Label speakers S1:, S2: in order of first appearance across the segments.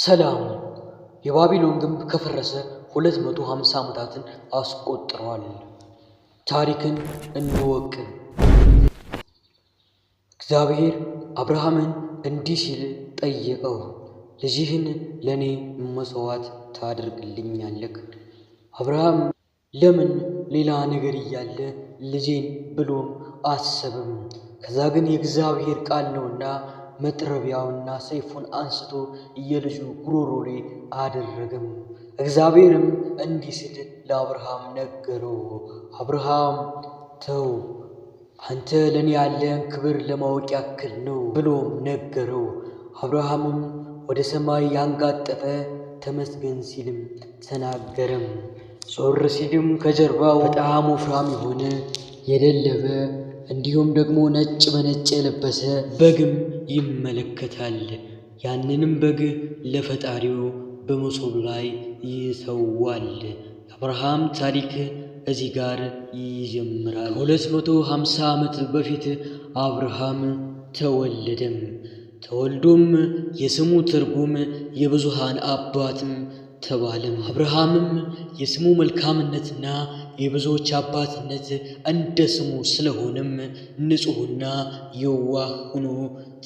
S1: ሰላም። የባቢሎን ግንብ ከፈረሰ 250 ዓመታትን አስቆጥሯል። ታሪክን እንወቅ። እግዚአብሔር አብርሃምን እንዲህ ሲል ጠየቀው፣ ልጅህን ለእኔ መጽዋት ታደርግልኛለህ? አብርሃም ለምን ሌላ ነገር እያለ ልጄን ብሎም አሰብም። ከዛ ግን የእግዚአብሔር ቃል ነውና መጥረቢያውና ሰይፉን አንስቶ የልጁ ጉሮሮ ላይ አደረገም። እግዚአብሔርም እንዲህ ሲል ለአብርሃም ነገረው፣ አብርሃም ተው አንተ ለእኔ ያለህን ክብር ለማወቅ ያክል ነው ብሎም ነገረው። አብርሃምም ወደ ሰማይ ያንጋጠፈ ተመስገን ሲልም ተናገረም። ዞር ሲልም ከጀርባው በጣም ወፍራም የሆነ የደለበ እንዲሁም ደግሞ ነጭ በነጭ የለበሰ በግም ይመለከታል። ያንንም በግ ለፈጣሪው በመሶብ ላይ ይሰዋል። አብርሃም ታሪክ እዚህ ጋር ይጀምራል። ሁለት መቶ ሃምሳ ዓመት በፊት አብርሃም ተወለደም። ተወልዶም የስሙ ትርጉም የብዙሃን አባትም ተባለም። አብርሃምም የስሙ መልካምነትና የብዙዎች አባትነት እንደ ስሙ ስለሆነም ንጹሕና የዋህ ሆኖ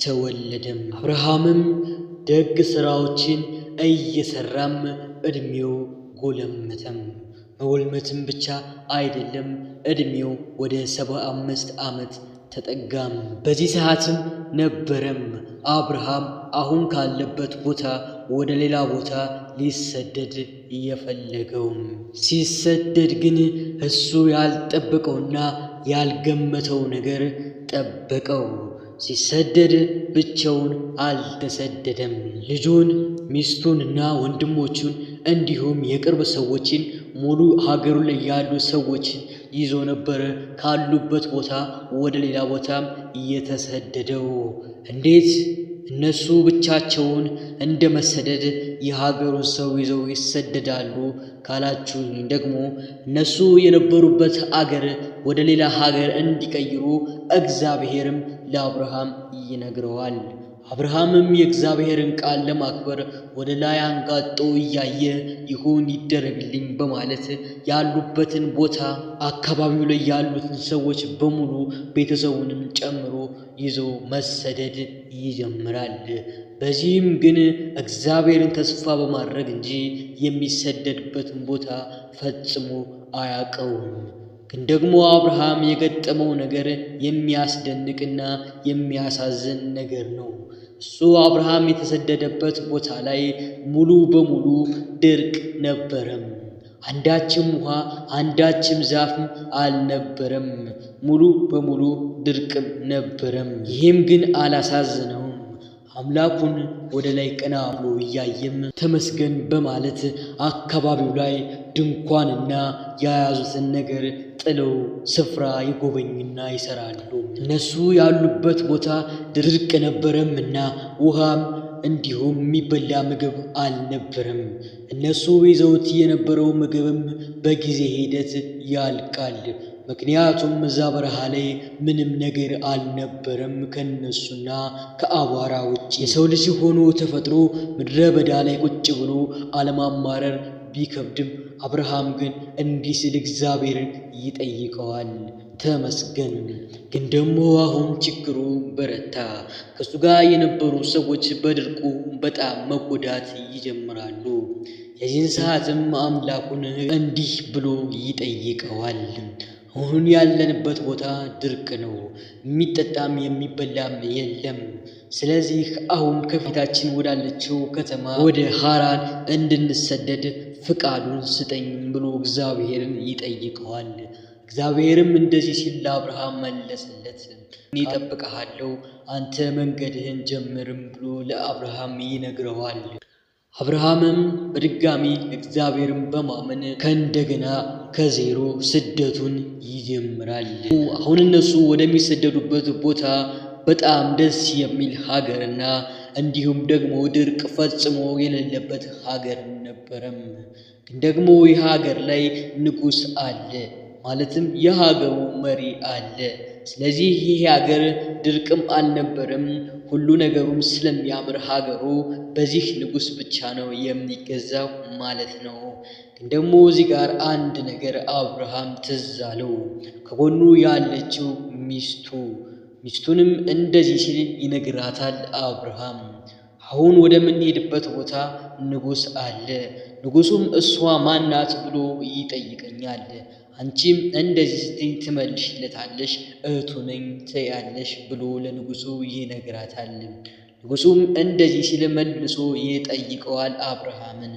S1: ተወለደም። አብርሃምም ደግ ሥራዎችን እየሠራም ዕድሜው ጎለመተም። መጎልመትም ብቻ አይደለም፣ ዕድሜው ወደ ሰባ አምስት ዓመት ተጠጋም። በዚህ ሰዓትም ነበረም አብርሃም አሁን ካለበት ቦታ ወደ ሌላ ቦታ ሊሰደድ እየፈለገውም ሲሰደድ ግን እሱ ያልጠበቀውና ያልገመተው ነገር ጠበቀው። ሲሰደድ ብቻውን አልተሰደደም። ልጁን፣ ሚስቱንና ወንድሞቹን እንዲሁም የቅርብ ሰዎችን ሙሉ ሀገሩ ላይ ያሉ ሰዎችን ይዞ ነበር ካሉበት ቦታ ወደ ሌላ ቦታም እየተሰደደው እንዴት እነሱ ብቻቸውን እንደ መሰደድ የሀገሩን ሰው ይዘው ይሰደዳሉ ካላችሁ ደግሞ እነሱ የነበሩበት አገር ወደ ሌላ ሀገር እንዲቀይሩ እግዚአብሔርም ለአብርሃም ይነግረዋል። አብርሃምም የእግዚአብሔርን ቃል ለማክበር ወደ ላይ አንጋጦ እያየ ይሁን ይደረግልኝ በማለት ያሉበትን ቦታ አካባቢው ላይ ያሉትን ሰዎች በሙሉ ቤተሰቡንም ጨምሮ ይዞ መሰደድ ይጀምራል። በዚህም ግን እግዚአብሔርን ተስፋ በማድረግ እንጂ የሚሰደድበትን ቦታ ፈጽሞ አያውቀውም። ግን ደግሞ አብርሃም የገጠመው ነገር የሚያስደንቅና የሚያሳዝን ነገር ነው። እሱ አብርሃም የተሰደደበት ቦታ ላይ ሙሉ በሙሉ ድርቅ ነበረም። አንዳችም ውሃ አንዳችም ዛፍም አልነበረም። ሙሉ በሙሉ ድርቅም ነበረም። ይህም ግን አላሳዝነው አምላኩን ወደ ላይ ቀና ብሎ እያየም ተመስገን በማለት አካባቢው ላይ ድንኳንና የያዙትን ነገር ጥለው ስፍራ ይጎበኙና ይሰራሉ። እነሱ ያሉበት ቦታ ድርቅ ነበረም እና ውሃም እንዲሁም የሚበላ ምግብ አልነበረም። እነሱ ይዘውት የነበረው ምግብም በጊዜ ሂደት ያልቃል። ምክንያቱም እዛ በረሃ ላይ ምንም ነገር አልነበረም ከነሱና ከአቧራ ውጭ። የሰው ልጅ ሆኖ ተፈጥሮ ምድረ በዳ ላይ ቁጭ ብሎ አለማማረር ቢከብድም አብርሃም ግን እንዲህ ሲል እግዚአብሔርን ይጠይቀዋል። ተመስገን። ግን ደግሞ አሁን ችግሩ በረታ። ከእሱ ጋር የነበሩ ሰዎች በድርቁ በጣም መጎዳት ይጀምራሉ። የዚህን ሰዓትም አምላኩን እንዲህ ብሎ ይጠይቀዋል። አሁን ያለንበት ቦታ ድርቅ ነው። የሚጠጣም የሚበላም የለም። ስለዚህ አሁን ከፊታችን ወዳለችው ከተማ ወደ ሐራን እንድንሰደድ ፍቃዱን ስጠኝ ብሎ እግዚአብሔርን ይጠይቀዋል። እግዚአብሔርም እንደዚህ ሲል ለአብርሃም መለሰለት፣ እኔ እጠብቅሃለሁ፣ አንተ መንገድህን ጀምርም ብሎ ለአብርሃም ይነግረዋል። አብርሃምም በድጋሚ እግዚአብሔርን በማመን ከእንደገና ከዜሮ ስደቱን ይጀምራል። አሁን እነሱ ወደሚሰደዱበት ቦታ በጣም ደስ የሚል ሀገርና እንዲሁም ደግሞ ድርቅ ፈጽሞ የሌለበት ሀገር ነበረም። ግን ደግሞ ይህ ሀገር ላይ ንጉሥ አለ፣ ማለትም የሀገሩ መሪ አለ። ስለዚህ ይህ ሀገር ድርቅም አልነበረም። ሁሉ ነገሩም ስለሚያምር ሀገሩ በዚህ ንጉስ ብቻ ነው የሚገዛው ማለት ነው። ግን ደግሞ እዚህ ጋር አንድ ነገር አብርሃም ትዝ አለው፣ ከጎኑ ያለችው ሚስቱ። ሚስቱንም እንደዚህ ሲል ይነግራታል አብርሃም አሁን ወደምንሄድበት ቦታ ንጉስ አለ ንጉሱም እሷ ማናት ብሎ ይጠይቀኛል። አንቺም እንደዚህ ስትኝ ትመልሽለታለሽ፣ እህቱ ነኝ ትያለሽ ብሎ ለንጉሱ ይነግራታል። ንጉሱም እንደዚህ ሲል መልሶ ይጠይቀዋል አብርሃምን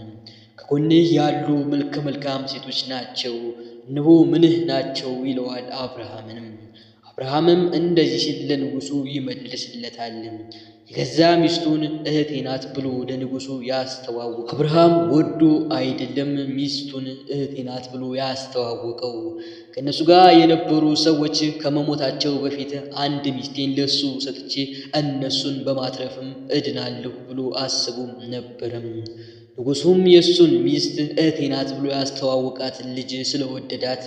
S1: ከጎንህ ያሉ መልከ መልካም ሴቶች ናቸው፣ እነሆ ምንህ ናቸው ይለዋል አብርሃምንም አብርሃምም እንደዚህ ሲል ለንጉሱ ይመልስለታል። የገዛ ሚስቱን እህቴ ናት ብሎ ለንጉሱ ያስተዋወቀው አብርሃም ወዶ አይደለም ሚስቱን እህቴ ናት ብሎ ያስተዋወቀው። ከእነሱ ጋር የነበሩ ሰዎች ከመሞታቸው በፊት አንድ ሚስቴን ለሱ ሰጥቼ እነሱን በማትረፍም እድናለሁ ብሎ አስቦም ነበረም። ንጉሱም የእሱን ሚስት እህቴ ናት ብሎ ያስተዋወቃት ልጅ ስለወደዳት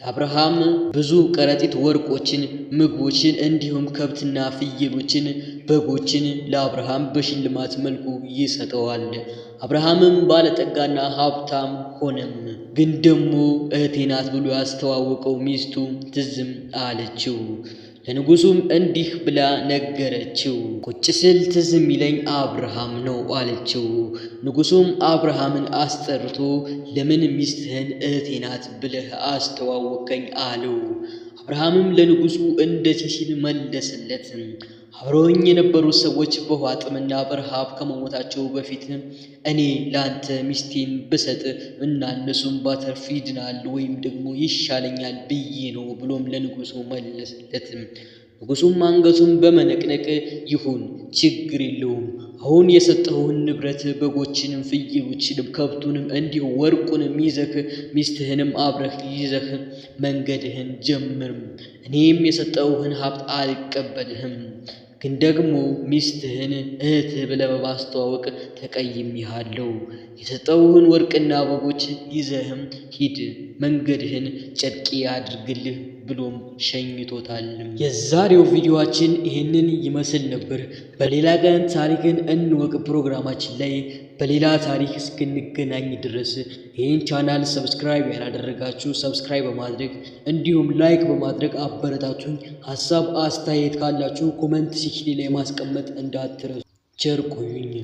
S1: ለአብርሃም ብዙ ከረጢት ወርቆችን፣ ምግቦችን፣ እንዲሁም ከብትና ፍየሎችን፣ በጎችን ለአብርሃም በሽልማት መልኩ ይሰጠዋል። አብርሃምም ባለጠጋና ሀብታም ሆነም። ግን ደግሞ እህቴ ናት ብሎ ያስተዋወቀው ሚስቱ ትዝም አለችው። ለንጉሱም እንዲህ ብላ ነገረችው። ቁጭ ስል ትዝ የሚለኝ አብርሃም ነው አለችው። ንጉሱም አብርሃምን አስጠርቶ ለምን ሚስትህን እህቴ ናት ብለህ አስተዋወቀኝ አለው። አብርሃምም ለንጉሡ እንደዚህ ሲል መለሰለት። አብረውኝ የነበሩት ሰዎች በውሃ ጥምና በረሃብ ከመሞታቸው በፊት እኔ ለአንተ ሚስቴን ብሰጥ እና እነሱም ባተርፍ ይድናል ወይም ደግሞ ይሻለኛል ብዬ ነው ብሎም ለንጉሡ መለሰለት። ንጉሡም አንገቱን በመነቅነቅ ይሁን ችግር የለውም አሁን የሰጠውን ንብረት በጎችንም ፍየሎችንም ከብቱንም እንዲሁ ወርቁንም ይዘህ ሚስትህንም አብረህ ይዘህ መንገድህን ጀምር። እኔም የሰጠውህን ሀብት አልቀበልህም፣ ግን ደግሞ ሚስትህን እህትህ ብለህ በማስተዋወቅ ተቀይሜሃለሁ። የሰጠውህን ወርቅና በጎች ይዘህም ሂድ፣ መንገድህን ጨርቂ አድርግልህ ብሎም ሸኝቶታል የዛሬው ቪዲዮችን ይህንን ይመስል ነበር። በሌላ ቀን ታሪክን እንወቅ ፕሮግራማችን ላይ በሌላ ታሪክ እስክንገናኝ ድረስ ይህን ቻናል ሰብስክራይብ ያላደረጋችሁ ሰብስክራይብ በማድረግ እንዲሁም ላይክ በማድረግ አበረታቱኝ። ሀሳብ አስተያየት ካላችሁ ኮመንት ሴክሽን ላይ ማስቀመጥ እንዳትረሱ። ቸር ቆዩኝ።